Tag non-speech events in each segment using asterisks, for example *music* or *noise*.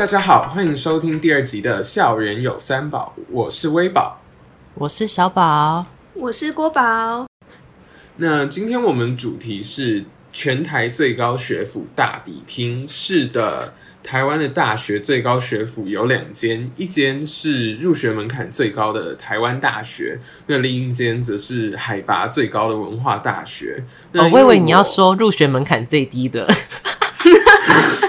大家好，歡迎收聽第二集的《校園有三寶》，我是威寶，我是小寶，我是郭寶。那今天我們主題是全台最高學府大比拼。是的，台灣的大學最高學府有兩間，一間是入學門檻最高的台灣大學，那另一間則是海拔最高的文化大學。因為我哦，威威你要說入學門檻最低的。 *laughs* *laughs*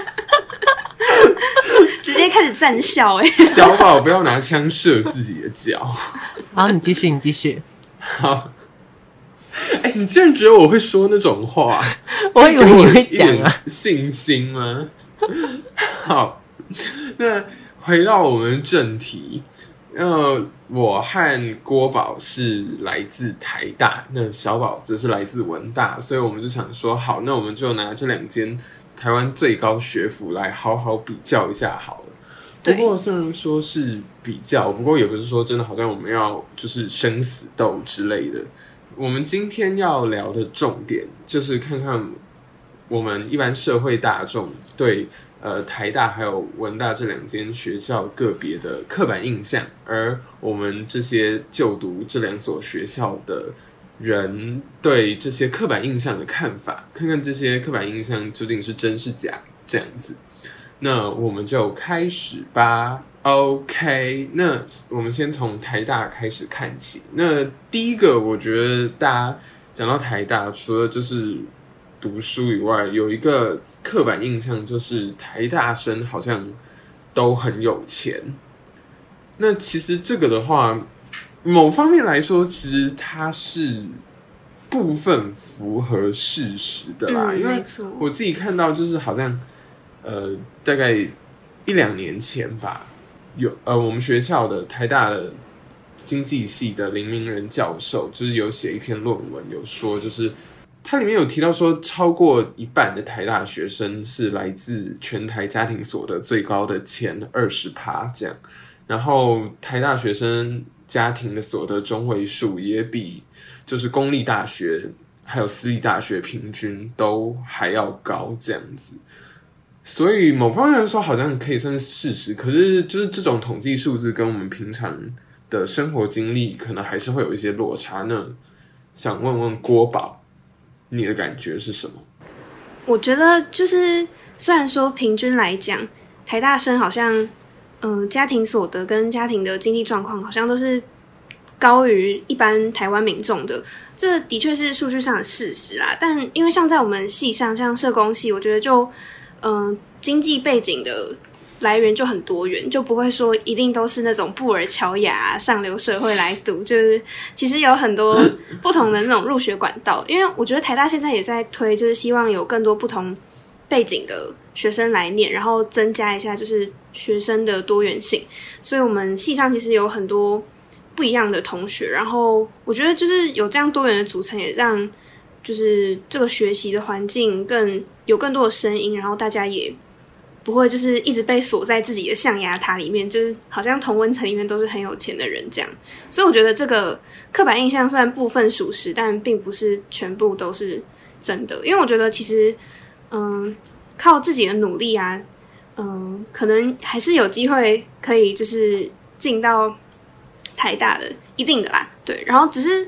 站校哎，欸、小寶不要拿槍射自己的腳。 *laughs* 好，你繼續，你繼續。好，哎、欸，你竟然覺得我會說那種話？我以為你會講啊，信心嗎？好，那回到我們的正題。那、呃、我和郭寶是來自台大，那小寶則是來自文大，所以我們就想說，好，那我們就拿這兩間台灣最高學府來好好比較一下，好了。對。不過雖然說是比較，不過也不是說真的，好像我們要就是生死鬥之類的。我們今天要聊的重點就是看看我們一般社會大眾對呃台大還有文大這兩間學校個別的刻板印象，而我們這些就讀這兩所學校的人對這些刻板印象的看法，看看這些刻板印象究竟是真是假，這樣子。那我們就開始吧。OK，那我們先從台大開始看起。那第一個，我覺得大家講到台大，除了就是讀書以外，有一個刻板印象就是台大生好像都很有錢。那其實這個的話，某方面來說，其實它是部分符合事實的啦。嗯，因為我自己看到，就是好像。呃，大概一兩年前吧，有呃，我們學校的台大的經濟系的林明仁教授，就是有寫一篇論文，有說就是，它裡面有提到說，超過一半的台大學生是來自全台家庭所得最高的前二十趴這樣，然後台大學生家庭的所得中位數也比就是公立大學還有私立大學平均都還要高這樣子。所以某方面來說，好像可以算是事實。可是，就是這種統計數字跟我們平常的生活經歷，可能還是會有一些落差呢。想問問郭寶，你的感覺是什麼？我覺得，就是雖然說平均來講，台大生好像，嗯、呃，家庭所得跟家庭的經濟狀況好像都是高於一般台灣民眾的。這的確是數據上的事實啦。但因為像在我們系上，像社工系，我覺得就。嗯、呃，經濟背景的來源就很多元，就不會說一定都是那種布爾喬亞、啊、上流社會來讀，就是其實有很多不同的那種入學管道。因為我覺得台大現在也在推，就是希望有更多不同背景的學生來念，然後增加一下就是學生的多元性。所以我們系上其實有很多不一樣的同學，然後我覺得就是有這樣多元的組成，也讓就是這個學習的環境更有更多的聲音，然後大家也不會就是一直被鎖在自己的象牙塔裡面，就是好像同溫層裡面都是很有錢的人這樣。所以我覺得這個刻板印象雖然部分屬實，但並不是全部都是真的。因為我覺得其實，嗯、呃，靠自己的努力啊，嗯、呃，可能還是有機會可以就是進到台大的一定的啦。對，然後只是。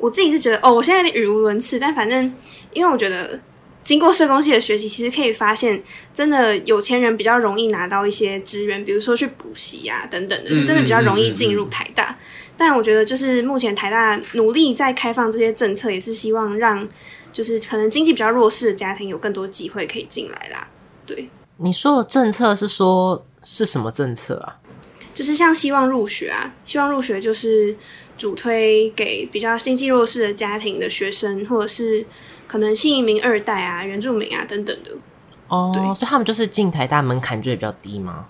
我自己是覺得哦，我現在有點語無倫次，但反正，因為我覺得，經過社工系的學習，其實可以發現，真的有錢人比較容易拿到一些資源，比如說去補習啊等等的，是真的比較容易進入台大。嗯嗯嗯嗯、但我覺得，就是目前台大努力在開放這些政策，也是希望讓，就是可能經濟比較弱勢的家庭有更多機會可以進來啦。對，你說的政策是說是什麼政策啊？就是像希望入學啊，希望入學就是。主推給比較經濟弱勢的家庭的學生，或者是可能新移民二代啊、原住民啊等等的。哦、oh, 對，所以他們就是進台大門檻就也比較低嗎？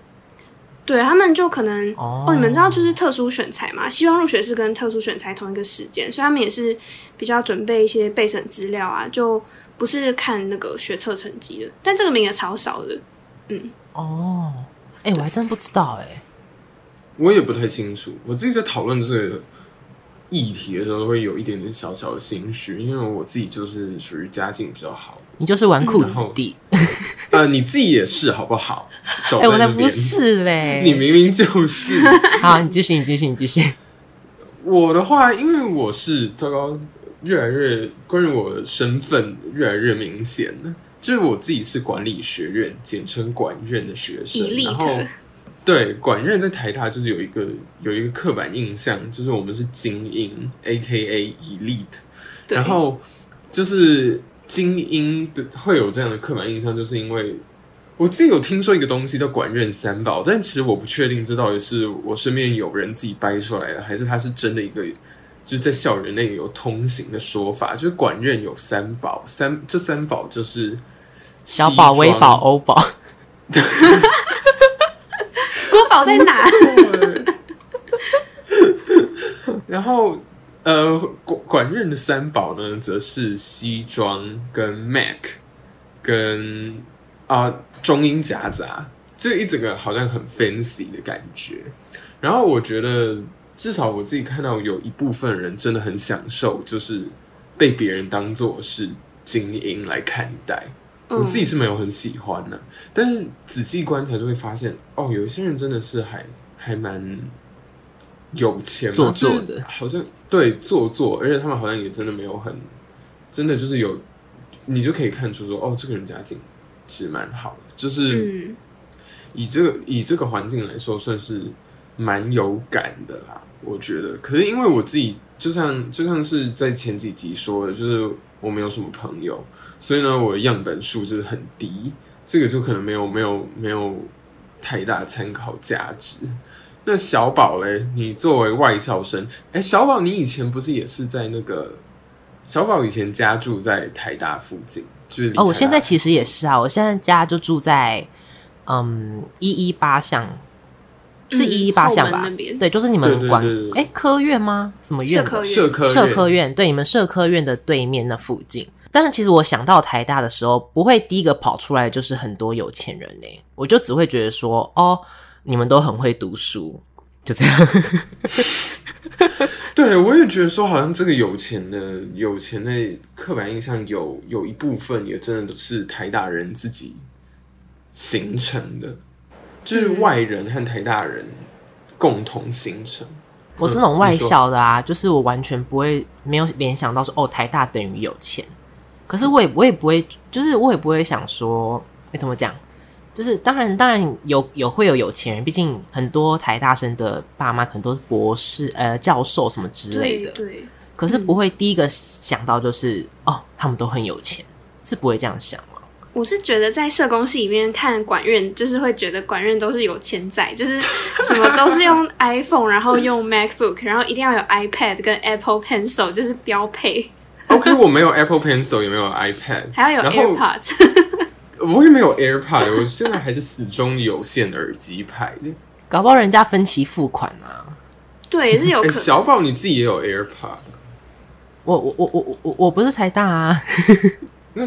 對他們就可能、oh. 哦，你們知道就是特殊選才嘛，希望入學是跟特殊選才同一個時間，所以他們也是比較準備一些備審資料啊，就不是看那個學測成績的。但這個名額超少的，嗯，哦、oh, 欸，哎對，我還真不知道、欸，哎，我也不太清楚，我自己在討論這個。議題的時候，會有一點點小小的心虛，因為我自己就是屬於家境比較好，你就是紈絝子弟，後 *laughs* 呃，你自己也是好不好？欸、我的不是嘞，你明明就是。 *laughs* *laughs* 好，你繼續，你繼續，你繼續。我的話，因為我是糟糕，越來越關於我的身份越來越明顯了，就是我自己是管理學院，簡稱管院的學生，然後。對管院在台大就是有一個有一個刻板印象，就是我們是精英，AKA elite。elite, 對然後就是精英的會有這樣的刻板印象，就是因為我自己有聽說一個東西叫管院三寶，但其實我不確定這到底是我身邊有人自己掰出來的，還是他是真的一個就是在校園內有通行的說法，就是管院有三寶，三這三寶就是小寶、微寶、歐寶。對 *laughs* 然後，呃，管管人的三寶呢，則是西裝跟 Mac，跟啊中英夾雜，就一整個好像很 fancy 的感覺。然後我覺得，至少我自己看到有一部分人真的很享受，就是被別人當做是精英來看待。嗯、我自己是沒有很喜歡的、啊，但是仔細觀察就會發現，哦，有一些人真的是還還蠻。有錢嗎？做作的，好像對，做作，而且他們好像也真的沒有很，真的就是有，你就可以看出說，哦，這個人家境其實蠻好的，就是、嗯、以這，以這個以這個環境來說，算是蠻有感的啦，我覺得。可是因為我自己就像就像是在前幾集說的，就是我沒有什麼朋友，所以呢，我的樣本數就是很低，這個就可能沒有沒有沒有太大參考價值。那小寶咧？你作為外校生，哎、欸，小寶，你以前不是也是在那個？小寶以前家住在台大附近，就是、附近哦，我現在其實也是啊，我現在家就住在嗯一一八巷，是一一八巷吧？嗯、對，就是你們管哎、欸、科院嗎？什麼院的？社科院，社科院，社科院？對，你們社科院的對面那附近。但是其實我想到台大的時候，不會第一個跑出來就是很多有錢人呢、欸，我就只會覺得說哦。你們都很會讀書，就這樣。 *laughs* 對，我也覺得說，好像這個有錢的、有錢的刻板印象有，有有一部分也真的是台大人自己形成的，嗯、就是外人和台大人共同形成。我這種外校的啊，嗯、就是我完全不會沒有聯想到說，哦，台大等於有錢。可是我也我也不會，就是我也不會想說，哎、欸，怎麼講？就是當然，當然有有會有有錢人，畢竟很多台大生的爸媽可能都是博士、呃教授什麼之類的。對。對可是不會第一個想到就是、嗯、哦，他們都很有錢，是不會這樣想。我是覺得在社工系裡面看管院，就是會覺得管院都是有錢仔，就是什麼都是用 iPhone， *laughs* 然後用 MacBook，然後一定要有 iPad 跟 Apple Pencil，就是標配。OK，我沒有 Apple Pencil，也沒有 iPad，還要有 AirPods。後 *laughs* 我也沒有 AirPod，我現在還是始終有線耳機派 *laughs* 搞不好人家分期付款啊，對，是有可、 *laughs* 欸。小寶你自己也有 AirPod？我我我我我我不是財大啊。 *laughs* 那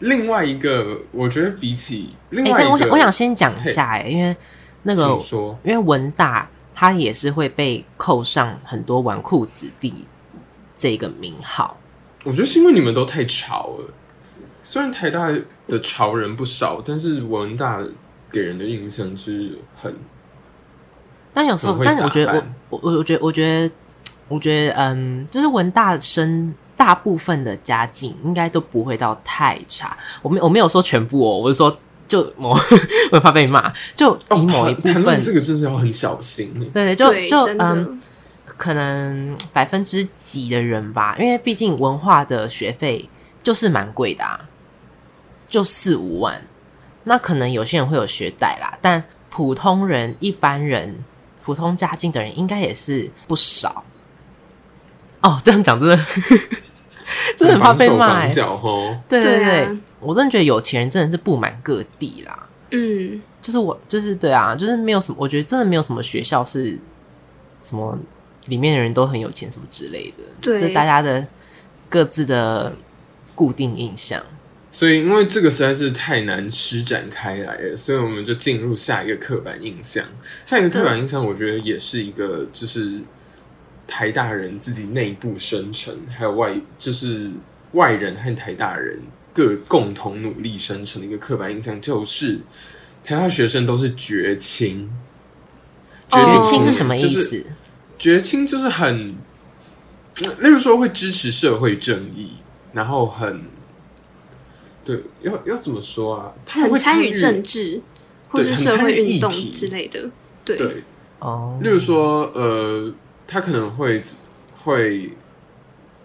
另外一個，我覺得比起另外一個、欸我，我想我想先講一下、欸，哎嘿，因為那個，說因為文大他也是會被扣上很多紈絝子弟這個名號。我覺得是因為你們都太潮了。雖然台大的潮人不少，但是文大給人的印象是很，但有時候，但是我覺得我我我覺我覺得我覺得，我覺得嗯，就是文大生大部分的家境應該都不會到太差。我沒我沒有說全部哦，我是說就某，我、 *laughs* 我怕被罵，就以某一部分，哦，這個就是要很小心。對對，就就對嗯，可能百分之幾的人吧，因為畢竟文化的學費就是蠻貴的啊。就四五萬，那可能有些人會有學貸啦，但普通人、一般人、普通家境的人，應該也是不少。哦，這樣講真的，呵呵真的很怕被罵，對對對，對啊、我真的覺得有錢人真的是佈滿各地啦。嗯，就是我，就是對啊，就是沒有什麼，我覺得真的沒有什麼學校是什麼裡面的人都很有錢什麼之類的，這對大家的各自的固定印象。所以，因為這個實在是太難施展開來了，所以我們就進入下一個刻板印象。下一個刻板印象，我覺得也是一個，就是台大人自己內部生成，還有外，就是外人和台大人各共同努力生成的一個刻板印象，就是台大學生都是覺青。覺青、就是 oh. 覺青是什麼意思？就是、覺青就是很那，例如說會支持社會正義，然後很。對，要要怎麼說啊？他很參與政治，或是社會運動之類的，對，哦，對，oh. 例如說，呃，他可能會會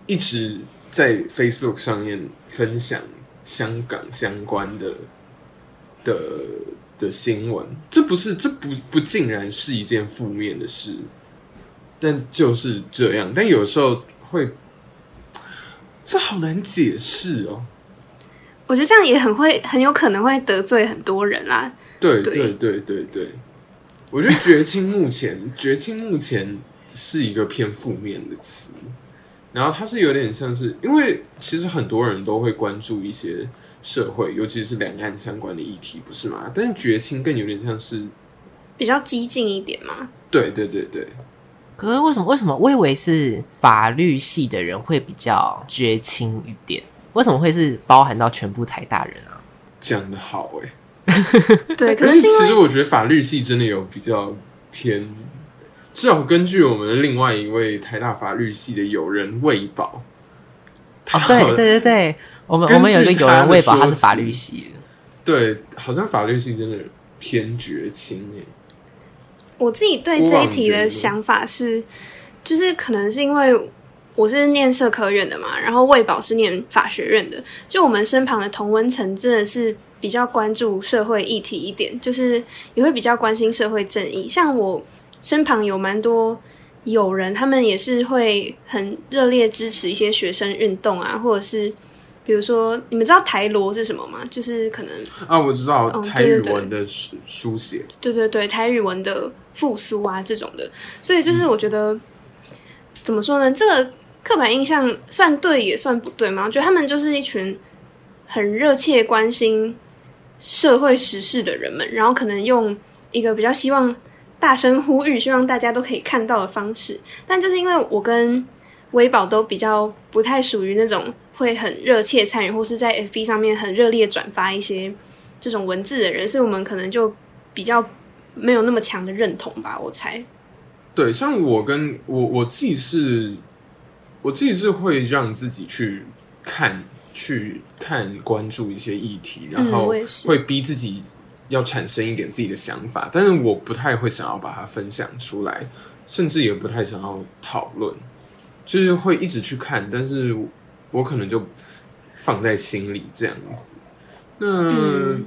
一直在 Facebook 上面分享香港相關的的的新聞，這不是這不不盡然是一件負面的事，但就是這樣，但有時候會，這好難解釋喔。我覺得這樣也很會，很有可能會得罪很多人啦，啊對對。對對對對對，我覺得“覺青”目前，“覺青”目前是一個偏負面的詞，然後它是有點像是，因為其實很多人都會關注一些社會，尤其是兩岸相關的議題，不是嗎？但是“覺青”更有點像是比較激進一點嘛。對對對對，對可是為什麼？為什麼我以為是法律系的人會比較覺青一點？為什麼會是包含到全部台大人啊？講得好哎、欸， *laughs* 對，可是其實我覺得法律系真的有比較偏，至少根據我們另外一位台大法律系的友人威寶、哦，對對對對，我們我們有一個友人威寶，他是法律系的，對，好像法律系真的偏絕情耶、欸。我自己對這一題的想法是，就是可能是因為。我是念社科院的嘛，然後威寶是念法學院的。就我們身旁的同溫層真的是比較關注社會議題一點，就是也會比較關心社會正義。像我身旁有蠻多友人，他們也是會很熱烈支持一些學生運動啊，或者是比如說，你們知道台羅是什麼嗎？就是可能啊，我知道、哦、台語文的書寫，對對對，台語文的復甦啊這種的。所以就是我覺得、嗯、怎麼說呢？這個。刻板印象算對也算不對嗎？我覺得他們就是一群很熱切關心社會時事的人們，然後可能用一個比較希望大聲呼籲、希望大家都可以看到的方式。但就是因為我跟威寶都比較不太屬於那種會很熱切的參與或是在 FB 上面很熱烈的轉發一些這種文字的人，所以我們可能就比較沒有那麼強的認同吧。我猜。對，像我跟我我自己是、我自己是會讓自己去看、去看、關注一些議題，然後會逼自己要產生一點，自己的想法，嗯、是，但是我不太會想要把它分享出來，甚至也不太想要討論，就是會一直去看，但是我可能就放在心裡這樣子。那、嗯、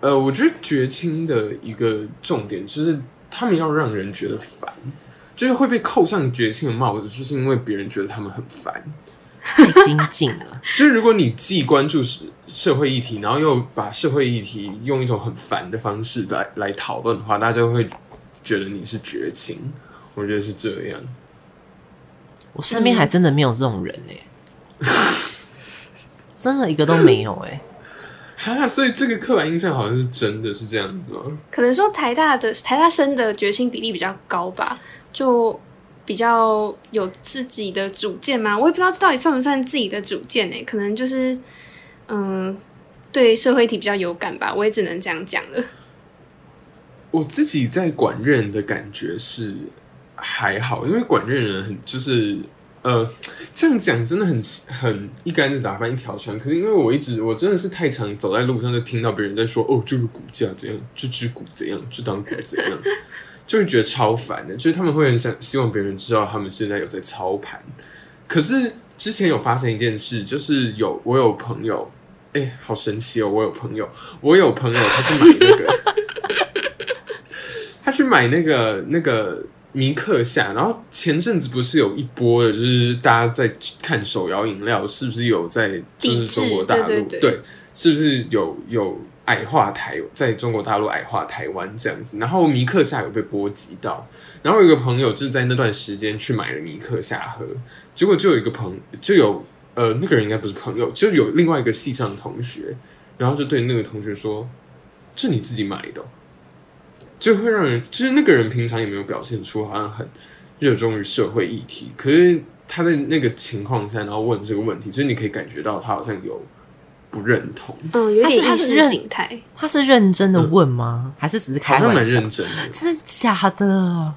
呃，我覺得覺青的一個重點就是他們要讓人覺得煩。就是會被扣上絕情的帽子，就是因為別人覺得他們很煩，太精進了。 *laughs* 就是如果你既關注社會議題，然後又把社會議題用一種很煩的方式來來討論的話，大家會覺得你是絕情。我覺得是這樣。我身邊還真的沒有這種人呢、欸， *laughs* 真的一個都沒有哎、欸。哈 *laughs* 哈，所以這個刻板印象好像是真的是這樣子嗎？可能說台大的台大生的絕情比例比較高吧。就比較有自己的主見嗎？我也不知道這到底算不算自己的主見呢？可能就是，嗯，對社會體比較有感吧，我也只能這樣講了。我自己在管院的感覺是還好，因為管院人很就是，呃，這樣講真的很很一竿子打翻一條船。可是因為我一直我真的是太常走在路上就聽到別人在說哦這個股價怎樣，這只股怎樣，這檔股怎樣。就是 *laughs* 就會覺得超煩的，就是他們會很想希望別人知道他們現在有在操盤。可是之前有發生一件事，就是有我有朋友，哎、欸，好神奇哦！我有朋友，我有朋友他，那個， *laughs* 他去買那個，他去買那個那個迷客夏。然後前陣子不是有一波的，就是大家在看手搖飲料是不是有在，就是中國大陸對、對、對、對，是不是有有。矮化台，在中國大陸矮化台灣這樣子，然後迷客夏有被波及到，然後有一個朋友就是在那段時間去買了迷客夏喝，結果就有一個朋友，就有呃那個人應該不是朋友，就有另外一個系上的同學，然後就對那個同學說：“是你自己買的。”就會讓人就是那個人平常也沒有表現出好像很熱衷於社會議題，可是他在那個情況下，然後問這個問題，所以你可以感覺到他好像有。不認同，嗯，有一點意識形態，他是，是，是認真的問嗎？對還是只是開玩笑？他很認真，真的假的？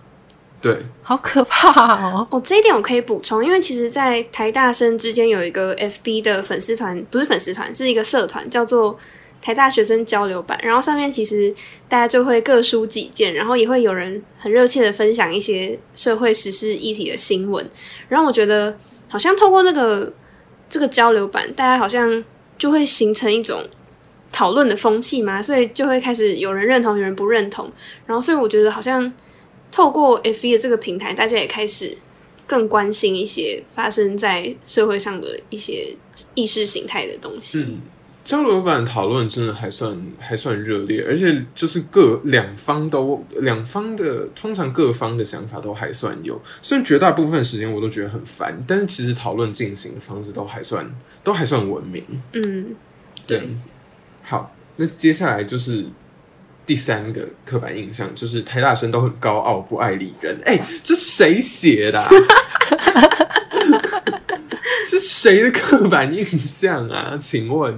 對，好可怕哦！哦，這一點我可以補充，因為其實，在台大生之間有一個 FB 的粉絲團，不是粉絲團，是一個社團，叫做台大學生交流版。然後上面其實大家就會各抒己見，然後也會有人很熱切的分享一些社會時事議題的新聞。然後我覺得，好像透過那個這個交流版，大家好像。就會形成一種討論的風氣嘛，所以就會開始有人認同，有人不認同，然後所以我覺得好像透過 FB 的這個平台，大家也開始更關心一些發生在社會上的一些意識形態的東西。嗯交流版討論真的還算還算熱烈，而且就是各兩方都兩方的通常各方的想法都還算有，雖然絕大部分時間我都覺得很煩，但是其實討論進行的方式都還算都還算文明。嗯，這樣子。對。好，那接下來就是第三個刻板印象，就是台大生都很高傲不愛理人。哎、欸，啊，這誰寫的啊？ *laughs* *laughs* 這誰的刻板印象啊？請問。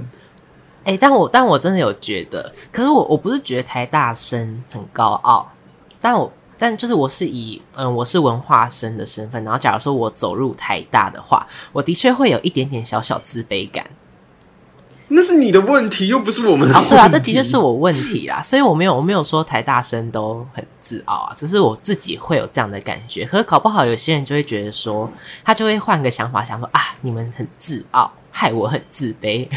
誒、欸，但我但我真的有覺得，可是我我不是覺得台大生很高傲，但我但就是我是以嗯我是文化生的身份，然後假如說我走入台大的話，我的確會有一點點小小自卑感。那是你的問題，又不是我們的問題、哦。對啊，這的確是我問題啊，所以我沒有我沒有說台大生都很自傲啊，只是我自己會有這樣的感覺。可是搞不好有些人就會覺得說，他就會換個想法想說啊，你們很自傲。害我很自卑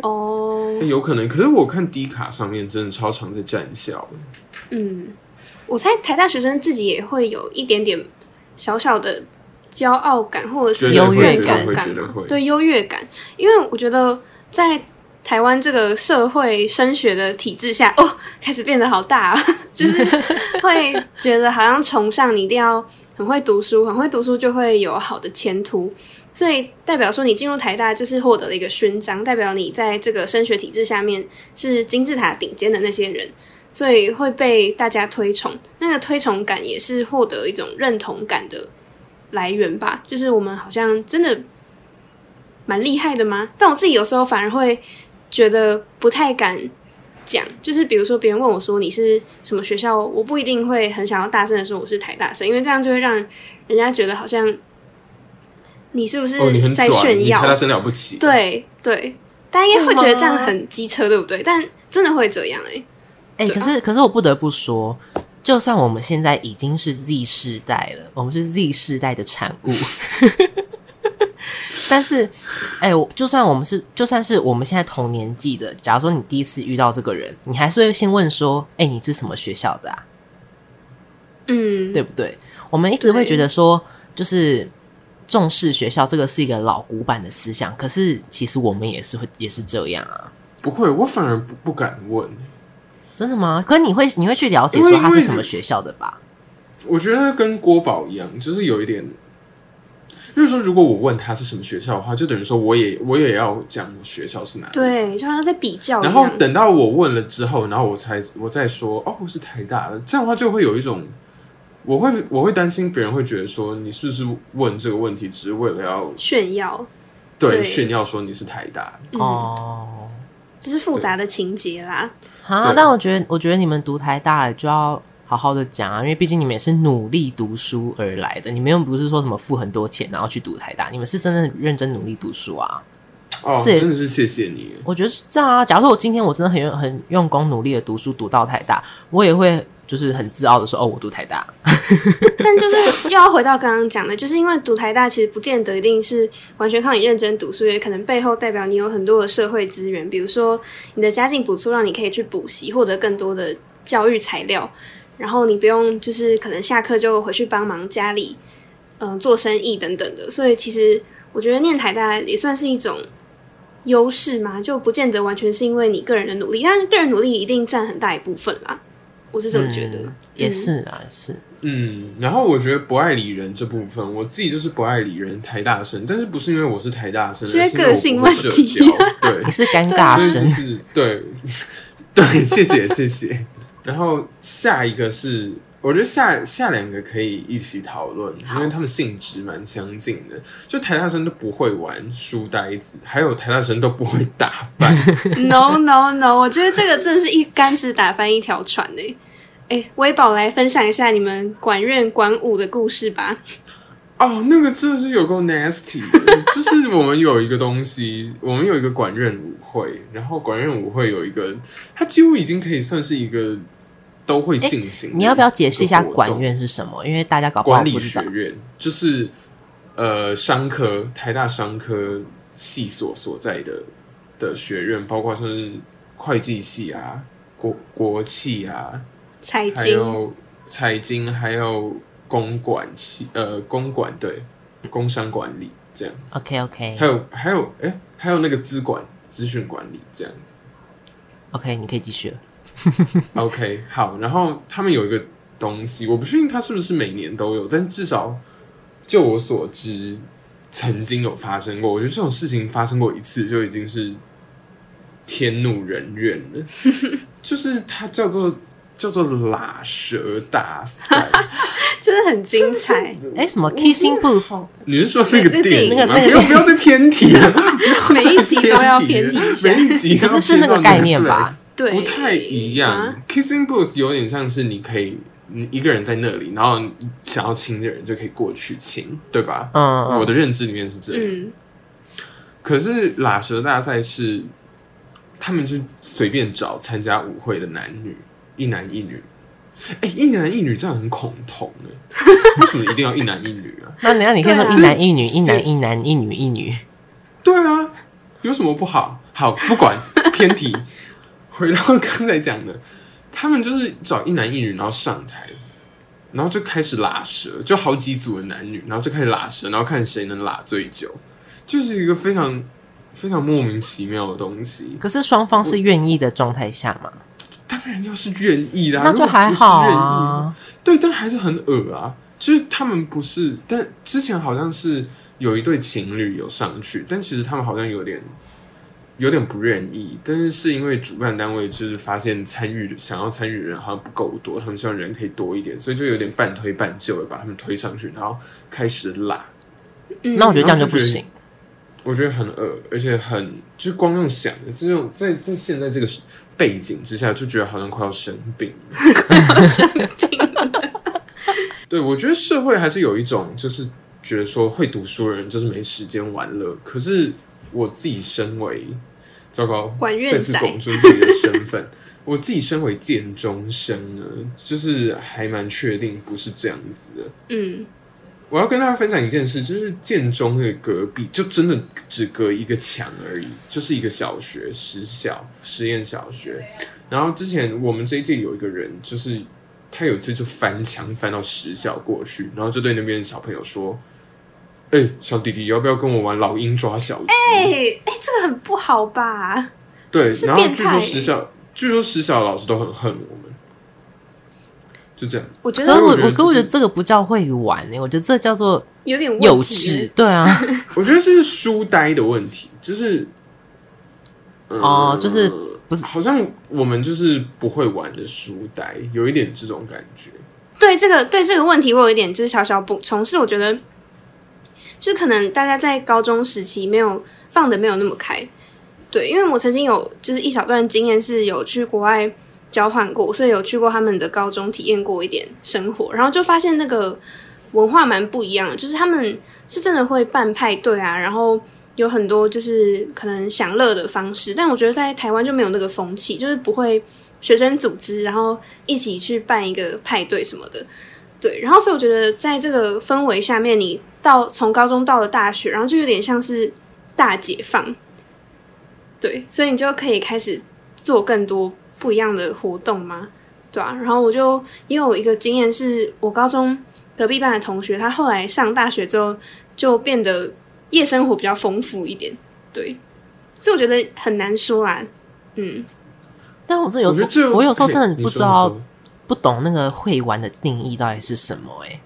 哦、。 *laughs* oh, 欸，有可能。可是我看 D 卡上面真的超常在戰校。嗯，我猜台大學生自己也會有一點點小小的驕傲感，或者是優越感，感，對優越感。因為我覺得在台灣這個社會升學的體制下，哦，開始變得好大，哦，就是會覺得好像崇尚你一定要很會讀書，很會讀書就會有好的前途。所以代表說你進入台大就是獲得了一個勳章，代表你在這個升學體制下面是金字塔頂尖的那些人，所以會被大家推崇。那個推崇感也是獲得一種認同感的來源吧。就是我們好像真的蠻厲害的嗎？但我自己有時候反而會覺得不太敢講。就是比如說別人問我說你是什麼學校，我不一定會很想要大聲地說我是台大生，因為這樣就會讓人家覺得好像。你是不是在炫耀？哦、你，你看他了不起對。對對，大家應該會覺得這樣很機車，啊、對不對？但真的會這樣誒、欸。誒、欸，啊、可是可是我不得不說，就算我們現在已經是 Z 世代了，我們是 Z 世代的產物。 *laughs* *laughs* 但是哎、欸，就算我們是，就算是我們現在同年紀的，假如說你第一次遇到這個人，你還是會先問說：“誒、欸，你是什麼學校的、啊？”嗯，對不對？我們一直會覺得說，對就是。重視學校這個是一個老古板的思想，可是其實我們也是會也是這樣啊。不會，我反而不不敢問，真的嗎？可是你會你會去了解說因為因為他是什麼學校的吧？我覺得跟郭寶一樣，就是有一點，就是說如果我問他是什麼學校的話，就等於說我也我也要講我學校是哪裡，對，就好像在比較。然後等到我問了之後，然後我才我再說哦，我是台大的，這樣的話就會有一種。我會我會擔心別人會覺得說，你是不是問這個問題只是為了要炫耀？對，對炫耀說你是台大、嗯、哦，這是複雜的情節啦。好，但我覺得我覺得你們讀台大就要好好的講啊，因為畢竟你們也是努力讀書而來的，你們又不是說什麼付很多錢然後去讀台大，你們是真的認真努力讀書啊。哦，這真的是謝謝你。我覺得是這樣啊。假如說我今天我真的很用很用功努力的讀書讀到台大，我也會。就是很自傲的說：“哦，我讀台大。 *laughs* ”但就是又要回到剛剛講的，就是因為讀台大其實不見得一定是完全靠你認真讀書，也可能背後代表你有很多的社會資源，比如說你的家境不錯，讓你可以去補習，獲得更多的教育材料，然後你不用就是可能下課就回去幫忙家裡，嗯、呃，做生意等等的。所以其實我覺得念台大也算是一種優勢嘛，就不見得完全是因為你個人的努力，但個人努力一定佔很大一部分啦。我是這麼覺得，嗯、也是啦，嗯、是。嗯，然後我覺得不愛理人這部分，我自己就是不愛理人，台大生，但是不是因為我是台大生，因為個性問題、啊， *laughs* 對，你是尷尬生、就是，對，對，謝謝，謝謝。 *laughs* 然後下一個是。我覺得下下兩個可以一起討論，因為他們性質蠻相近的。好就台大生都不會玩書呆子，還有台大生都不會打扮。 *laughs* no No No！我覺得這個真的是一竿子打翻一條船哎。哎、欸，威寶來分享一下你們管院管舞的故事吧。哦，oh, 那個真的是有夠 nasty。 *laughs* 的。就是我們有一個東西，我們有一個管院舞會，然後管院舞會有一個，它幾乎已經可以算是一個。都會進行、欸，你要不要解釋一下管院是什麼？因為大家搞不好不知道。管理學院就是，呃，商科台大商科系所所在的的學院，包括是會計系啊，國國企啊，財經還有財經還有工管系，呃，工管對工商管理這樣子。OK OK，還有還有哎、欸，還有那個資管資訊管理這樣子。OK，你可以繼續了。 *laughs* OK，好，然後他們有一個東西，我不確定它是不是每年都有，但至少就我所知，曾經有發生過。我覺得這種事情發生過一次就已經是天怒人怨了， *laughs* 就是它叫做叫做喇舌大賽。 *laughs* 真的很精彩！哎、欸，什麼 kissing 我 booth？你是說那個電影？那個那個，不要不要再偏題了， *laughs* 每一集都要偏題。 *laughs* 每一集都是，是那個概念吧？對，不太一樣。嗎 kissing booth 有點像是你可以一個人在那裡，然後想要親的人就可以過去親，對吧？嗯，uh, uh. 我的認知裡面是這樣、個。嗯、可是喇舌大賽是，他們就隨便找參加舞會的男女，一男一女。哎、欸，一男一女真的很恐同呢， *laughs* 為什麼一定要一男一女啊？ *laughs* 那你看你可以說一男一女，啊、一男一男，一女一女，一女，對啊，有什麼不好？好，不管偏題， *laughs* 回到剛才講的，他們就是找一男一女，然後上台，然後就開始拉舌，就好幾組的男女，然後就開始拉舌，然後看誰能拉最久，就是一個非常非常莫名其妙的東西。可是雙方是願意的狀態下嘛？要是願意啦、啊，那就還好啊。對，但還是很惡啊。就是他們不是，但之前好像是有一對情侶有上去，但其實他們好像有點有點不願意。但是是因為主辦單位就是發現參與的想要參與的人好像不夠多，他們希望人可以多一點，所以就有點半推半就的把他們推上去，然後開始拉。欸、那我覺得這樣就不行。覺我覺得很惡，而且很就是光用想的，這種在在現在這個時。背景之下就覺得好像快要生病， *laughs* 快要生病。 *laughs* 對，我覺得社會還是有一種就是覺得說會讀書的人就是沒時間玩樂。可是我自己身為，糟糕，再次鞏固自己的身份， *laughs* 我自己身為建中生呢，就是還蠻確定不是這樣子的。嗯。我要跟大家分享一件事，就是建中的隔壁就真的只隔一個牆而已，就是一個小學，實小，實驗小學。然後之前我們這一屆有一個人，就是他有一次就翻牆翻到實小過去，然後就對那邊的小朋友說：“哎、欸，小弟弟，要不要跟我玩老鷹抓小子？”哎哎、欸欸，這個很不好吧？對，然後據說實小，據說實小的老師都很恨我們。就這樣，我覺得我覺得，就是，我個我，我覺得這個不叫會玩誒、欸，我覺得這叫做有，有點幼稚，對啊。 *laughs* 我覺得這是書呆的問題，就是，哦、呃，就是不是，好像我們就是不會玩的書呆，有一點這種感覺。對這個，對這個問題，我有一點就是小小補充，是我覺得，就是可能大家在高中時期沒有放的沒有那麼開，對，因為我曾經有就是一小段經驗是有去國外。交換過，所以有去過他們的高中，體驗過一點生活，然後就發現那個文化蠻不一樣的，就是他們是真的會辦派對啊，然後有很多就是可能享樂的方式，但我覺得在台灣就沒有那個風氣，就是不會學生組織，然後一起去辦一個派對什麼的，對，然後所以我覺得在這個氛圍下面，你到從高中到了大學，然後就有點像是大解放，對，所以你就可以開始做更多。不一樣的活動嗎？對吧？啊，然後我就因為我一個經驗是，我高中隔壁班的同學，他後來上大學之後就變得夜生活比較豐富一點。對，所以我覺得很難說啊。嗯，但我真有，我覺得這，我有時候真的不知道，說說不懂那個會玩的定義到底是什麼欸。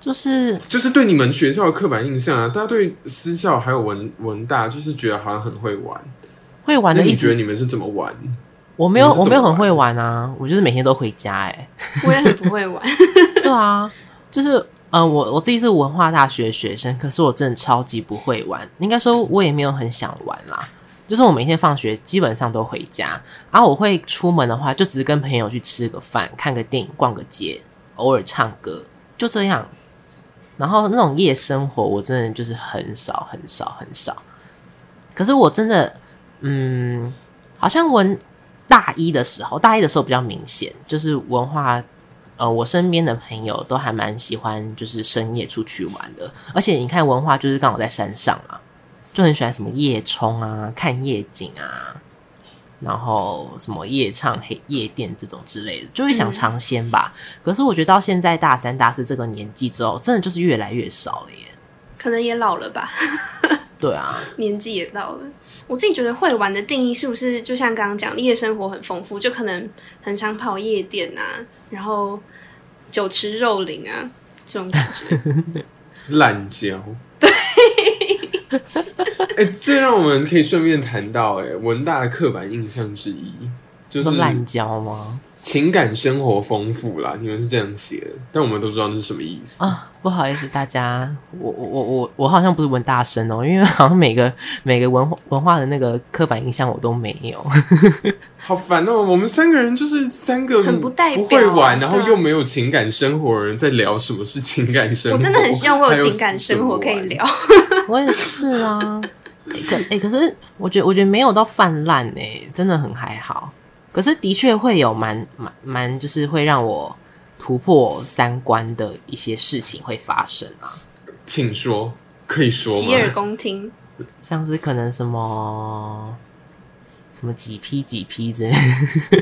誒，就是就是對你們學校的刻板印象啊，大家對私校還有文文大，就是覺得好像很會玩，會玩的。那你覺得你們是怎麼玩？我沒有，我沒有很會玩啊！我就是每天都回家。欸，哎，我也很不會玩。對啊，就是呃，我我自己是文化大學的學生，可是我真的超級不會玩。應該說我也沒有很想玩啦，就是我每天放學基本上都回家，然後、啊、我會出門的話就只是跟朋友去吃個飯、看個電影、逛個街，偶爾唱歌，就這樣。然後那種夜生活我真的就是很少、很少、很少。可是我真的，嗯，好像文。大一的時候，大一的時候比較明顯，就是文化，呃，我身邊的朋友都還蠻喜歡，就是深夜出去玩的。而且你看文化，就是剛好在山上嘛，啊，就很喜歡什麼夜衝啊、看夜景啊，然後什麼夜唱黑夜店這種之類的，就會想嘗鮮吧。嗯、可是我覺得到現在大三、大四這個年紀之後，真的就是越來越少了耶，可能也老了吧。 *laughs* 對啊，年紀也到了，我自己覺得會玩的定義是不是就像剛剛講，夜生活很豐富，就可能很常跑夜店啊，然後酒池肉林啊這種感覺。濫交 *laughs* 嬌。對。哎、 *laughs* *laughs* 欸，這讓我們可以順便談到、欸，哎，文大的刻板印象之一就是濫交嗎？情感生活豐富啦，你們是這樣寫的，但我們都知道這是什麼意思啊！不好意思，大家，我我我我我好像不是文大生哦、喔，因為好像每個每個文化文化的那個刻板印象我都沒有，好煩哦、喔！我們三個人就是三個很不帶不會玩，然後又沒有情感生活的人在聊什麼是情感生活，我真的很希望我有情感生活可以聊， *laughs* 我也是啊。欸、可哎、欸，可是我覺得我覺得沒有到泛濫哎，真的很還好。可是的確會有蠻蠻蠻，就是會讓我突破三觀的一些事情會發生啊。請說，可以說嗎？洗耳恭聽，像是可能什麼什麼幾批幾批之類， *laughs*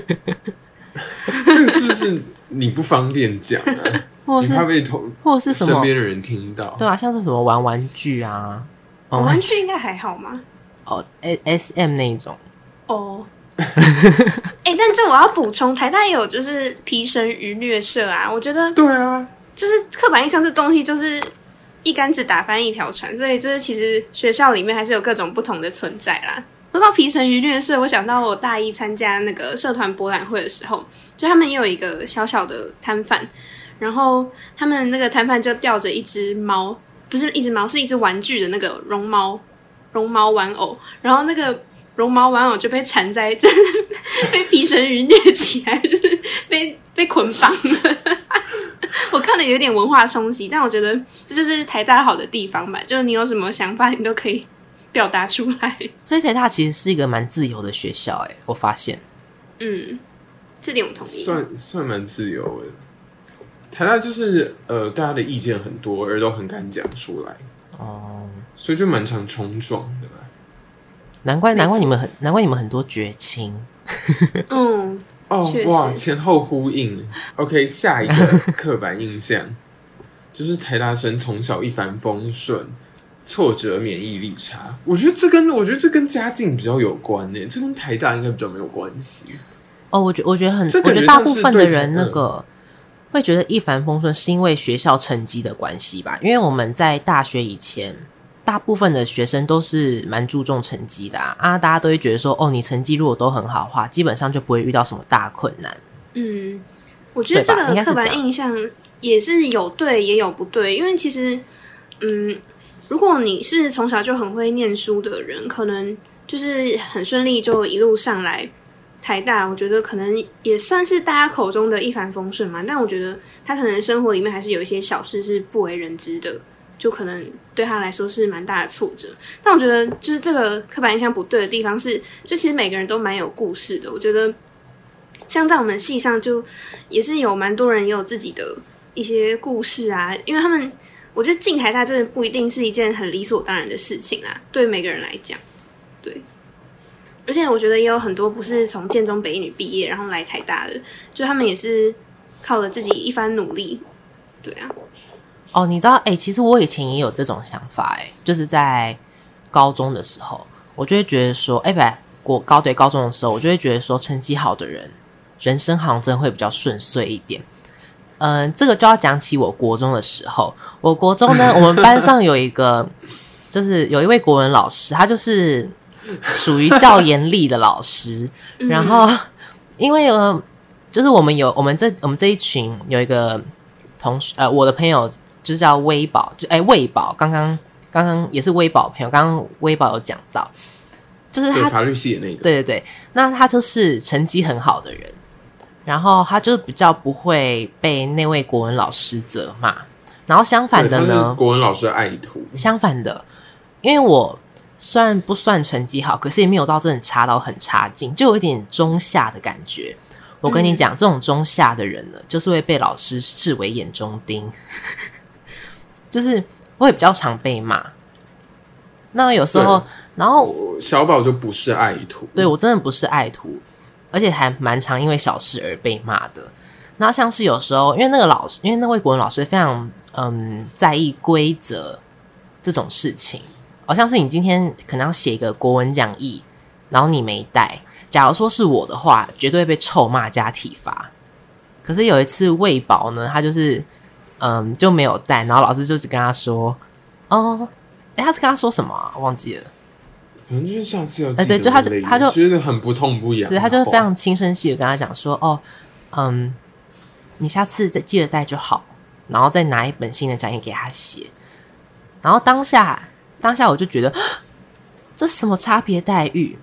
這個是不是你不方便講啊？ *laughs* *laughs* 或者被同或是什麼身邊的人聽到？對啊，像是什麼玩玩具啊，玩玩具，玩具應該還好嗎？哦，S、oh, S M 那種，哦。Oh. 哎、 *laughs* 欸，但這我要補充，台大也有就是皮繩愉虐社啊，我覺得對啊，就是刻板印象這東西就是一竿子打翻一條船，所以就是其實學校裡面還是有各種不同的存在啦。說到皮繩愉虐社，我想到我大一參加那個社團博覽會的時候，就他們也有一個小小的攤販，然後他們那個攤販就吊着一只貓，不是一只貓，是一只玩具的那個絨毛絨毛玩偶，然後那個。絨毛玩偶就被纏在，就被皮繩魚虐起來， *laughs* 就是被被捆綁了。 *laughs* 我看了有點文化衝擊，但我覺得這就是台大好的地方吧，就是你有什麼想法，你都可以表達出來。所以台大其實是一個蠻自由的學校，欸，我發現。嗯，這點我同意。算算蠻自由的，欸，台大就是呃，大家的意見很多，而都很敢講出來。哦，oh. 所以就蠻常衝撞的啦。難怪，難怪你們很，難怪你們很多絕情。嗯， *laughs* 哦，確實。哇，前後呼應。OK，下一個刻板印象 *laughs* 就是台大生從小一帆風順，挫折免疫力差。我覺得這跟我覺得這跟家境比較有關嘞、欸，這跟台大應該比較沒有關係。哦，我覺得我覺得很，覺我覺得大部分的人那個會覺得一帆風順是因為學校成績的關係吧？因為我們在大學以前。大部分的學生都是蠻注重成績的啊，啊，大家都會覺得說，哦，你成績如果都很好的話，基本上就不會遇到什麼大困難。嗯，我覺得這個這刻板印象也是有對也有不對，因為其實，嗯，如果你是從小就很會念書的人，可能就是很順利就一路上來台大，我覺得可能也算是大家口中的一帆風順嘛。但我覺得他可能生活裡面還是有一些小事是不為人知的。就可能對他來說是蠻大的挫折，但我覺得就是這個刻板印象不對的地方是，就其實每個人都蠻有故事的。我覺得像在我們系上，就也是有蠻多人也有自己的一些故事啊。因為他們，我覺得進台大真的不一定是一件很理所當然的事情啊，對每個人來講，對。而且我覺得也有很多不是從建中北女畢業然後來台大的，就他們也是靠了自己一番努力，對啊。哦，你知道哎，其實我以前也有這種想法哎，就是在高中的時候，我就會覺得說，哎，不，國高對高中的時候，我就會覺得說，成績好的人，人生好像真會比較順遂一點。嗯，這個就要講起我國中的時候，我國中呢，我們班上有一個， *laughs* 就是有一位國文老師，他就是屬於較嚴厲的老師。 *laughs* 然後因為呃，就是我們有我們這我們這一群有一個同學，呃，我的朋友。就是叫威寶，就哎，威、欸、寶，剛剛剛剛也是威寶朋友。剛剛威寶有講到，就是他對法律系的那個，對對對，那他就是成績很好的人，然後他就比較不會被那位國文老師責罵，然後相反的呢，國文老師的愛徒，相反的，因為我算不算成績好，可是也沒有到真的差到很差勁，就有一點中下的感覺。我跟你講，嗯、這種中下的人呢，就是會被老師視為眼中釘。 *laughs* 就是我也比較常被罵，那有時候，對然後小寶就不是愛徒，對我真的不是愛徒，而且還蠻常因為小事而被罵的。那像是有時候，因為那個老師，因為那位國文老師非常嗯在意規則這種事情，好、哦、像是你今天可能要寫一個國文講義，然後你沒帶，假如說是我的話，絕對被臭罵加體罰。可是有一次威寶呢，他就是。嗯，就沒有帶，然後老師就只跟他說，哦、嗯，誒、欸，他是跟他說什麼啊？忘記了，可能就是下次要記得，帶。欸、對，就他就他就覺得很不痛不癢，對，他就非常輕聲細語跟他講說，哦，嗯，你下次再記得帶就好，然後再拿一本新的講義給他寫，然後當下當下我就覺得，這什麼差別待遇？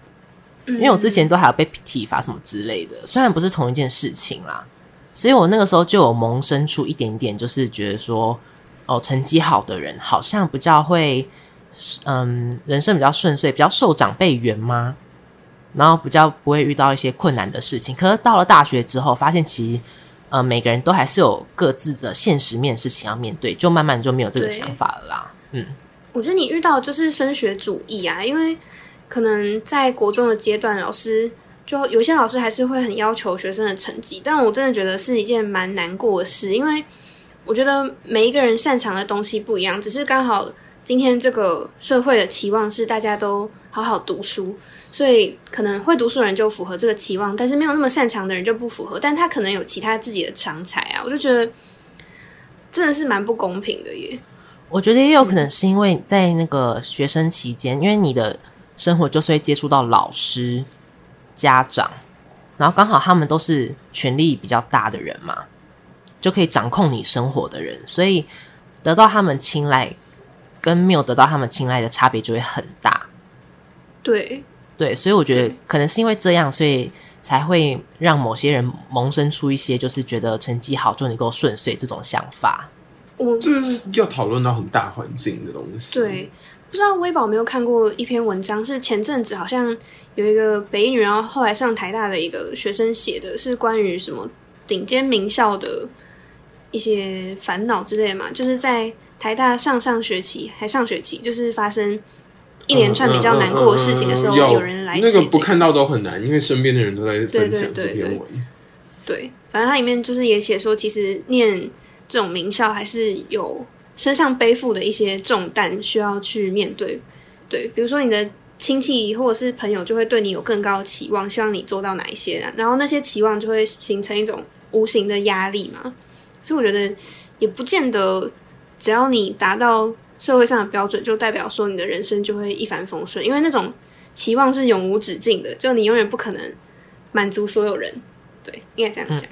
因為我之前都還有被體罰什麼之類的，嗯、雖然不是同一件事情啦。所以我那個時候就有萌生出一點點，就是覺得說，哦，成績好的人好像比較會，嗯，人生比較順遂，比較受長輩緣嗎？然後比較不會遇到一些困難的事情。可是到了大學之後，發現其實，呃、嗯，每個人都還是有各自的現實面事情要面對，就慢慢就沒有這個想法了啦。對嗯，我覺得你遇到就是升學主義啊，因為可能在國中的階段，老師。就有些老師還是會很要求學生的成績，但我真的覺得是一件蠻難過的事，因為我覺得每一個人擅長的東西不一樣，只是剛好今天這個社會的期望是大家都好好讀書，所以可能會讀書的人就符合這個期望，但是沒有那麼擅長的人就不符合，但他可能有其他自己的長才啊，我就覺得真的是蠻不公平的耶。我覺得也有可能是因為在那個學生期間，因為你的生活就是會接觸到老師家長，然後剛好他們都是權力比較大的人嘛，就可以掌控你生活的人，所以得到他們青睞，跟沒有得到他們青睞的差別就會很大。對對，所以我覺得可能是因為這樣，所以才會讓某些人萌生出一些就是覺得成績好就能夠順遂這種想法。我就是要討論到很大環境的東西。對。不知道威寶有沒有看過一篇文章，是前陣子好像有一個北一女，然後後來上台大的一個學生寫的，是關於什麼頂尖名校的一些煩惱之類嘛，就是在台大上上學期還上學期，就是發生一連串比較難過的事情的時候，有人來寫、這個、嗯嗯嗯嗯、那個不看到都很難，因為身邊的人都在分享這篇文章對，對對對，文對，對，反正它裡面就是也寫說，其實念這種名校還是有。身上背負的一些重擔需要去面對，對，比如說你的親戚或者是朋友就會對你有更高的期望，希望你做到哪一些啊？然後那些期望就會形成一種無形的壓力嘛。所以我覺得也不見得，只要你達到社會上的標準，就代表說你的人生就會一帆風順，因為那種期望是永無止境的，就你永遠不可能滿足所有人。對，應該這樣講。嗯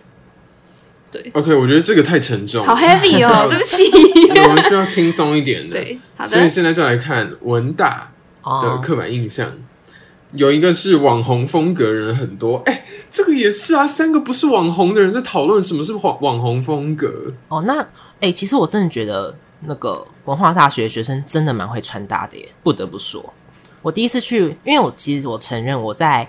對，OK，我覺得這個太沉重，好 heavy 哦、喔， *laughs* 對不起， *laughs* 我們需要輕鬆一點的。對，好的，所以現在就來看文大的刻板印象，oh. 有一個是網紅風格的人很多。哎、欸，這個也是啊，三個不是網紅的人在討論什麼是網網紅風格。哦、oh,，那、欸、哎，其實我真的覺得那個文化大學學生真的蠻會穿搭的耶，不得不說，我第一次去，因為我其實我承認我在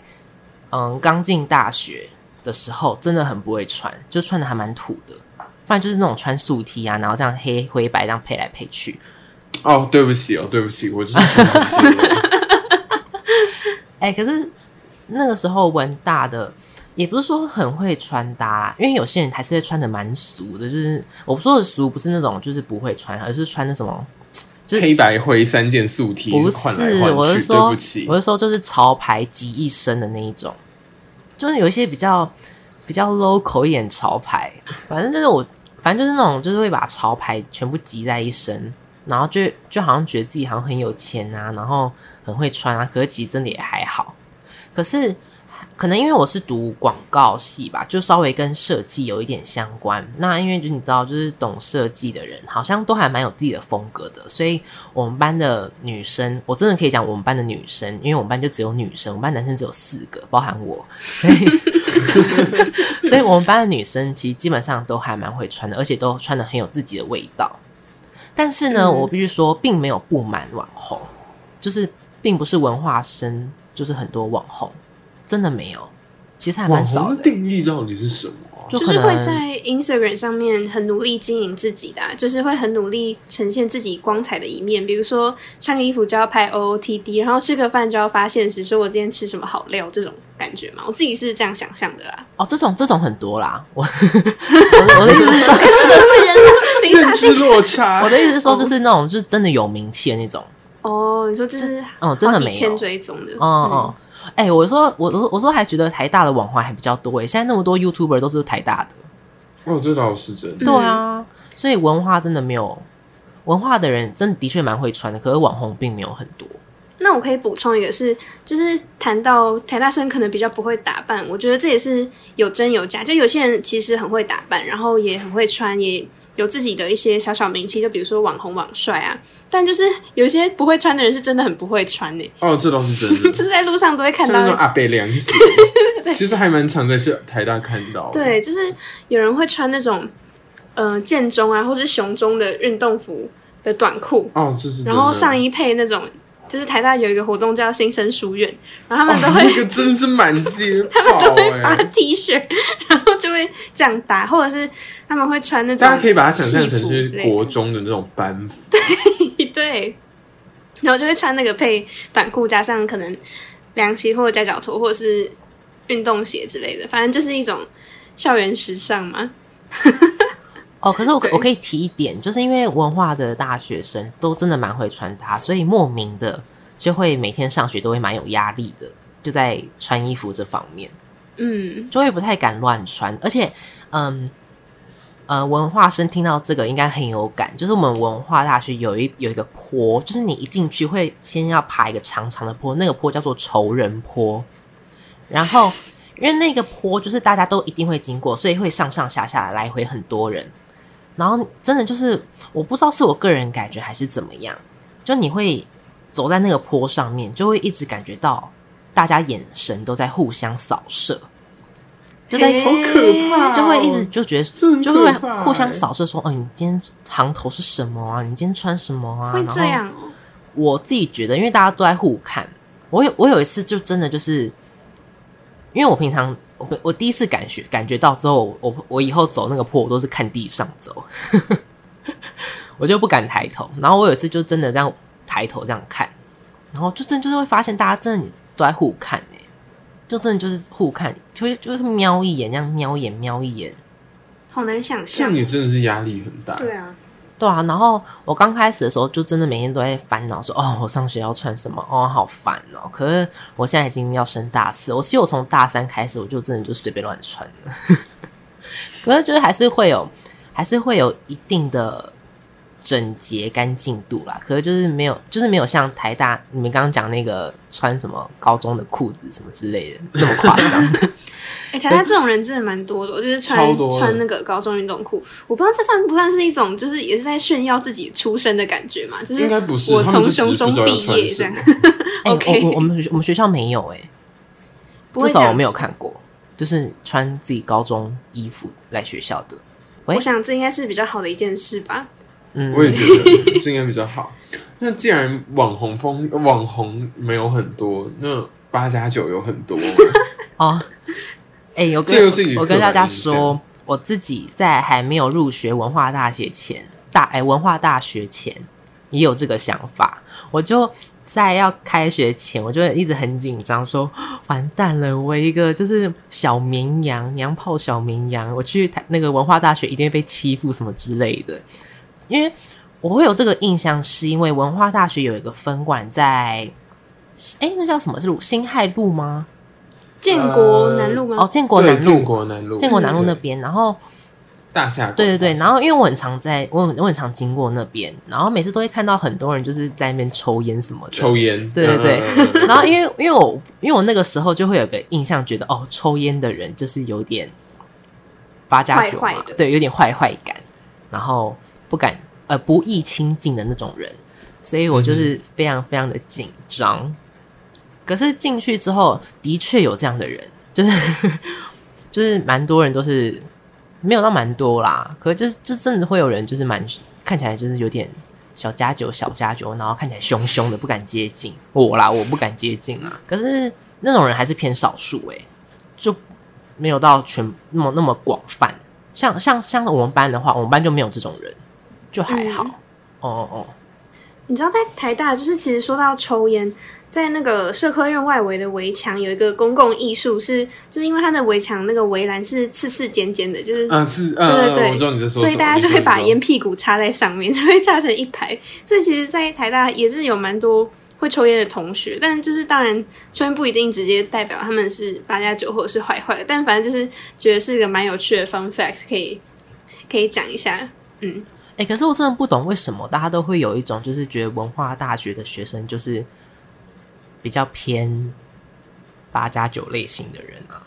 嗯剛進大學。的時候真的很不會穿，就穿的還蠻土的，不然就是那種穿素 T 啊，然後這樣黑灰白這樣配來配去。哦，對不起哦，對不起，我哈哈哈哈哈。哎、 *laughs* 欸，可是那個時候文大的也不是說很會穿搭，因為有些人還是會穿的蠻俗的，就是我說的俗不是那種就是不會穿，而是穿的什麼，就是、黑白灰三件素 T，不是，換來換去，我是說，對不起，我是說就是潮牌集一身的那一種。就是有一些比較比較 local 一點潮牌，反正就是我，反正就是那種，就是會把潮牌全部集在一身，然後就就好像覺得自己好像很有錢啊，然後很會穿啊，可是其實真的也還好，可是。可能因為我是讀廣告系吧，就稍微跟設計有一點相關。那因為就你知道，就是懂設計的人好像都還蠻有自己的風格的。所以我們班的女生，我真的可以講，我們班的女生，因為我們班就只有女生，我們班男生只有四個，包含我。所以， *laughs* *laughs* 所以我們班的女生其實基本上都還蠻會穿的，而且都穿得很有自己的味道。但是呢，我必須說，並沒有不滿網紅，就是並不是文化生，就是很多網紅。真的沒有，其實還蠻少的、欸。網紅的定義到底是什麼、啊？就是會在 Instagram 上面很努力經營自己的、啊，就是會很努力呈現自己光彩的一面。比如說穿個衣服就要拍 O O T D，然後吃個飯就要發現是說我今天吃什麼好料這種感覺嘛。我自己是這樣想象的啊。哦，這種這種很多啦。我我的意思是說，等一下！我的意思是說，就是那種、oh, 就是真的有名氣的那種。哦，你說就是哦，真的沒有幾千追蹤的哦。嗯嗯哎、欸，我說，我我我說，還覺得台大的網紅還比較多誒。現在那麼多 YouTuber 都是台大的，哦，這倒是真的。對啊，嗯、所以文化真的沒有文化的人，真的的確蠻會穿的。可是網紅並沒有很多。那我可以補充一個是，是就是談到台大生可能比較不會打扮，我覺得這也是有真有假。就有些人其實很會打扮，然後也很會穿，也。有自己的一些小小名氣，就比如說網紅網帥啊，但就是有些不會穿的人是真的很不會穿呢。哦，這倒是真的， *laughs* 就是在路上都會看到那種阿北涼鞋 *laughs* 對其實還蠻常在是台大看到。對，就是有人會穿那種呃建中啊或者雄中的運動服的短褲哦，這是，然後上衣配那種，就是台大有一個活動叫新生書院，然後他們都會、哦、那個真的是滿街， *laughs* 他們都會發 T 恤。 *laughs* 就會這樣搭，或者是他們會穿那種，大家可以把它想象成是國中的那種班服，對對。然後就會穿那個配短褲，加上可能涼鞋或者夾腳拖，或者是運動鞋之類的，反正就是一種校園時尚嘛。 *laughs* 哦，可是我可對我可以提一點，就是因為文化的大學生都真的蠻會穿搭，所以莫名的就會每天上學都會蠻有壓力的，就在穿衣服這方面。嗯，就會不太敢亂穿，而且，嗯，呃，文化生聽到這個應該很有感。就是我們文化大學有一有一個坡，就是你一進去會先要爬一個長長的坡，那個坡叫做仇人坡。然後，因為那個坡就是大家都一定會經過，所以會上上下下來回很多人。然後，真的就是我不知道是我個人感覺還是怎麼樣，就你會走在那個坡上面，就會一直感覺到。大家眼神都在互相掃射，就在、欸、好可怕、喔，就會一直就覺得就會互相掃射說：“哦、呃，你今天行頭是什麼啊？你今天穿什麼啊？”會這樣。然後我自己覺得，因為大家都在互看。我有我有一次就真的就是，因為我平常我我第一次感覺感覺到之後，我我以後走那個坡我都是看地上走， *laughs* 我就不敢抬頭。然後我有一次就真的這樣抬頭這樣看，然後就真的就是會發現大家真的。都在互看、欸、就真的就是互看，就會就會瞄一眼，這樣瞄一眼，瞄一眼，好難想象，也真的是壓力很大。對啊，對啊。然後我剛開始的時候，就真的每天都在煩惱，說哦，我上學要穿什麼？哦，好煩哦、喔。可是我現在已經要升大四，我其實從大三開始，我就真的就隨便亂穿了。 *laughs* 可是就是還是會有，還是會有一定的。整潔乾淨度啦，可能就是沒有，就是沒有像台大你們剛剛講那個穿什麼高中的褲子什麼之類的那麼誇張。哎、 *laughs* 欸，台大這種人真的蠻多的，欸、就是穿穿那個高中運動褲，我不知道這算不算是一種，就是也是在炫耀自己出身的感覺嘛？就是不是我從高中畢業這樣。 *laughs* 欸、OK，我們我,我們學校沒有哎、欸，至少我沒有看過，就是穿自己高中衣服來學校的。欸、我想這應該是比較好的一件事吧。 *noise* 我也覺得、嗯、這應該比較好。那既然網紅風網紅沒有很多，那八加九有很多、啊、 *laughs* 哦。哎、欸，有這就是個是我跟大家說，我自己在還沒有入學文化大學前，大、哎、文化大學前也有這個想法。我就在要開學前，我就一直很緊張說，說完蛋了，我一個就是小綿羊，娘炮小綿羊，我去那個文化大學一定會被欺負什麼之類的。因為我會有這個印象，是因為文化大學有一個分館在，哎，那叫什麼？是辛亥路嗎？建國南路嗎？哦，建國南路，建國南路，嗯、那邊。然後，大夏，對對對，對，對，對。然後，因為我很常在，我很我很常經過那邊，然後每次都會看到很多人就是在那邊抽煙什麼的。抽煙。對對對。然後因，因為因為我因為我那個時候就會有一個印象，覺得哦，抽煙的人就是有點發家酒嘛，壞壞對，有點壞壞感，然後。不敢，呃，不易親近的那種人，所以我就是非常非常的緊張。嗯、可是進去之後，的確有這樣的人，就是就是蠻多人都是沒有到蠻多啦。可就是就真的會有人，就是蠻看起來就是有點小家九小家九，然後看起來凶凶的，不敢接近我啦，我不敢接近啊。可是那種人還是偏少數誒、欸，就沒有到全那麼那麼廣泛。像像像我們班的話，我們班就沒有這種人。就還好、嗯，哦哦哦！你知道在台大，就是其實說到抽煙，在那個社科院外圍的圍牆有一個公共藝術，是就是因為它的圍牆那個圍欄是刺刺尖尖的，就是嗯是，uh, 刺對對，對 uh, uh, uh, uh, 所以大家就會把煙屁股插在上面，就會插成一排。所以其實，在台大也是有蠻多會抽煙的同學，但就是當然抽煙不一定直接代表他們是八加九或者是壞壞的，但反正就是覺得是一個蠻有趣的 fun fact，可以可以講一下，嗯。哎、欸，可是我真的不懂為什麼大家都會有一種就是覺得文化大學的學生就是比較偏八加九類型的人啊。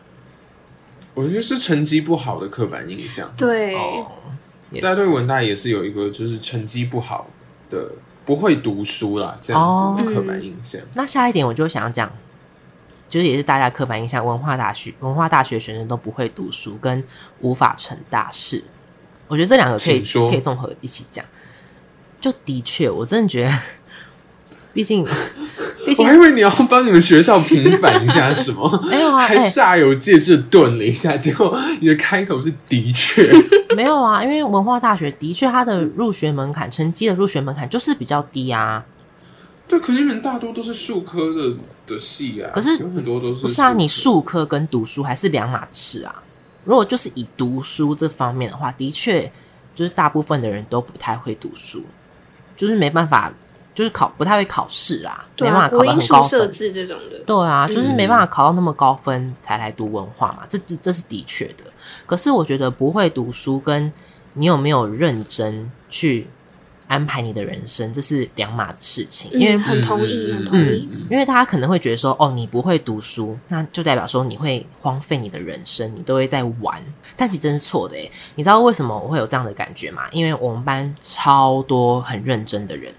我覺得是成績不好的刻板印象。對，哦、大家對文大也是有一個就是成績不好的不會讀書啦，這樣子的刻板印象、嗯。那下一點我就想講，就是也是大家刻板印象文，文化大學文化大學學生都不會讀書，跟無法成大事。我覺得這兩個可以說可以綜合一起講，就的確，我真的覺得，畢竟畢竟，我還以為你要幫你們學校平反一下什麼，沒有、 *laughs* 哎、啊，還煞有介事的頓了一下，哎、結果你的開頭是的確 *laughs* 沒有啊，因為文化大學的確它的入學門檻，成績的入學門檻就是比較低啊。對，肯定人大多都是數科的的系啊，可是有很多都是不是啊，你數科跟讀書還是兩碼子事啊。如果就是以讀書這方面的話，的確，就是大部分的人都不太會讀書，就是沒辦法，就是考不太會考試啊，沒辦法考到高分，我應試設置這種的，對啊，就是沒辦法考到那麼高分才來讀文化嘛，嗯、這這這是的確的。可是我覺得不會讀書跟你有沒有認真去。安排你的人生，這是兩碼子事情。因為嗯，很同意，很同意。因為他可能會覺得說，哦，你不會讀書，那就代表說你會荒廢你的人生，你都會在玩。但其實真是錯的誒，你知道為什麼我會有這樣的感覺嗎？因為我們班超多很認真的人，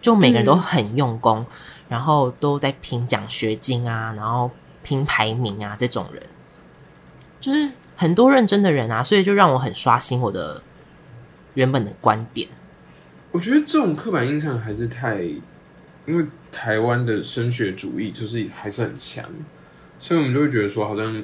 就每個人都很用功，嗯、然後都在拼獎學金啊，然後拼排名啊，這種人就是很多認真的人啊，所以就讓我很刷新我的原本的觀點。我覺得這種刻板印象還是太，因為台灣的升學主義就是還是很強，所以我們就會覺得說，好像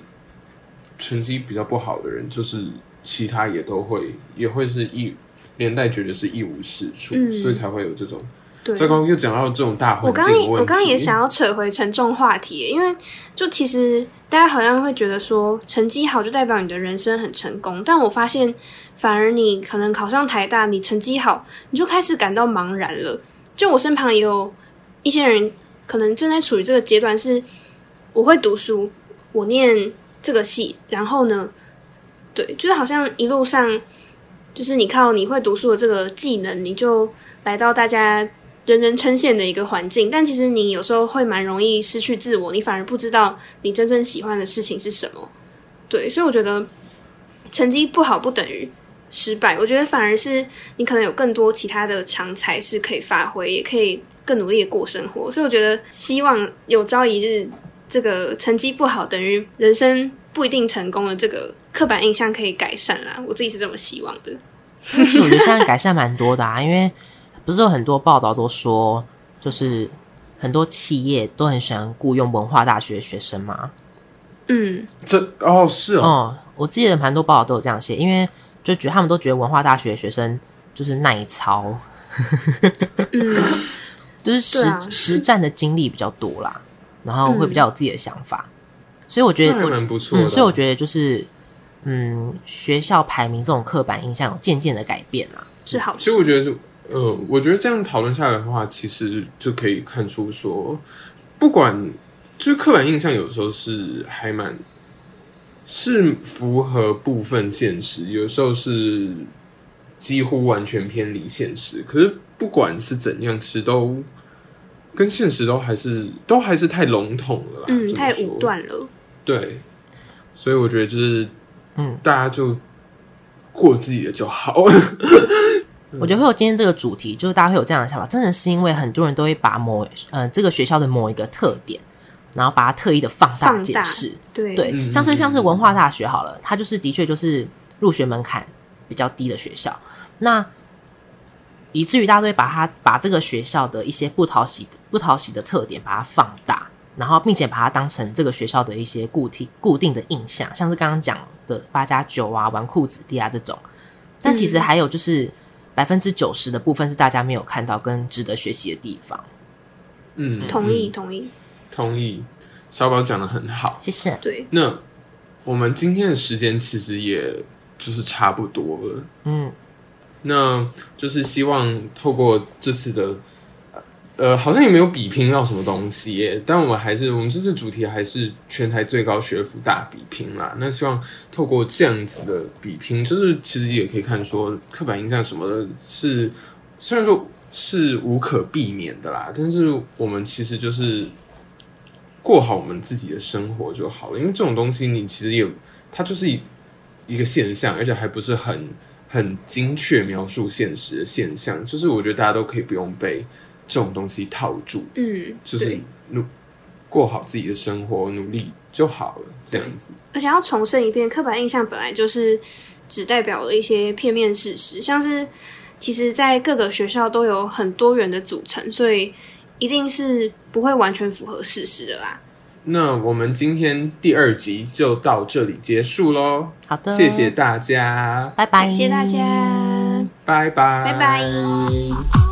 成績比較不好的人，就是其他也都會也會是一，連帶覺得是一無是處，嗯、所以才會有這種。剛剛對又講到這種大環境的問題。我剛我剛也想要扯回沉重話題，因為就其實大家好像會覺得說，成績好就代表你的人生很成功。但我發現，反而你可能考上台大，你成績好，你就開始感到茫然了。就我身旁也有一些人，可能正在處於這個階段，是我會讀書，我念這個系，然後呢，對，就是好像一路上，就是你靠你會讀書的這個技能，你就來到大家，人人稱羨的一個環境，但其實你有時候會蠻容易失去自我，你反而不知道你真正喜歡的事情是什麼。對，所以我覺得成績不好不等於失敗，我覺得反而是你可能有更多其他的長才是可以發揮，也可以更努力的過生活。所以我覺得，希望有朝一日這個成績不好等於人生不一定成功的這個刻板印象可以改善啦。我自己是這麼希望的。 *laughs* 是我覺得現在改善蠻多的啊，因為。不是有很多報道都說，就是很多企業都很喜歡僱傭文化大學的學生嗎？嗯，這哦是、啊、哦，我自己的很多報道都有這樣寫，因為就覺得他們都覺得文化大學的學生就是耐操， *laughs* 嗯，就是實、啊、實戰的經歷比較多啦，然後會比較有自己的想法，嗯、所以我覺得能不錯、嗯。所以我覺得就是嗯，學校排名這種刻板印象有漸漸的改變了，是好事。其實我覺得是。呃，我覺得這樣討論下來的話，其實就可以看出說，不管就是刻板印象，有時候是還蠻是符合部分現實，有時候是幾乎完全偏離現實。可是不管是怎樣，其實都跟現實都還是都還是太籠統了啦，嗯，太武斷了。對，所以我覺得就是，嗯，大家就過自己的就好。 *laughs* 我覺得會有今天這個主題，就是大家會有這樣的想法，真的是因為很多人都會把某，呃，這個學校的某一個特點，然後把它特意的放大、解釋。對對，像是像是文化大學好了，它就是的確就是入學門檻比較低的學校，那以至於大家都會把它，把這個學校的一些不討喜的、不討喜的特點把它放大，然後並且把它當成這個學校的一些固體、固定的印象，像是剛剛講的八加九啊、紈絝子弟啊這種，但其實還有就是。嗯百分之九十的部分是大家沒有看到跟值得學習的地方。嗯，同意，嗯、同意，同意。小寶講得很好，謝謝。對，那我們今天的時間其實也就是差不多了。嗯，那就是希望透過這次的。呃，好像也沒有比拼到什麼東西耶，但我們還是，我們這次主題還是全台最高學府大比拼啦。那希望透過這樣子的比拼，就是其實也可以看說刻板印象什麼的是，是雖然說是無可避免的啦，但是我們其實就是過好我們自己的生活就好了。因為這種東西，你其實也它就是一個現象，而且還不是很很精確描述現實的現象。就是我覺得大家都可以不用背這種東西套住，嗯，就是努對過好自己的生活，努力就好了，這樣子。而且要重申一遍，刻板印象本來就是只代表了一些片面事實，像是其實，在各個學校都有很多元的組成，所以一定是不會完全符合事實的啦。那我們今天第二集就到這裡結束嘍。好的，謝謝大家，拜拜，謝謝大家，拜拜，拜拜。拜拜。